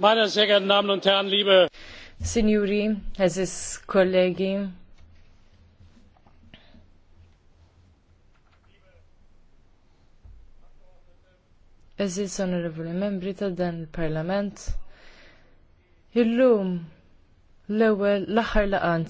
Meine sehr geehrten Damen und Herren, liebe Signori, ist Kollegi, ist onorevoli membri ta' parlament illum l-ewwel l-aħħar laqan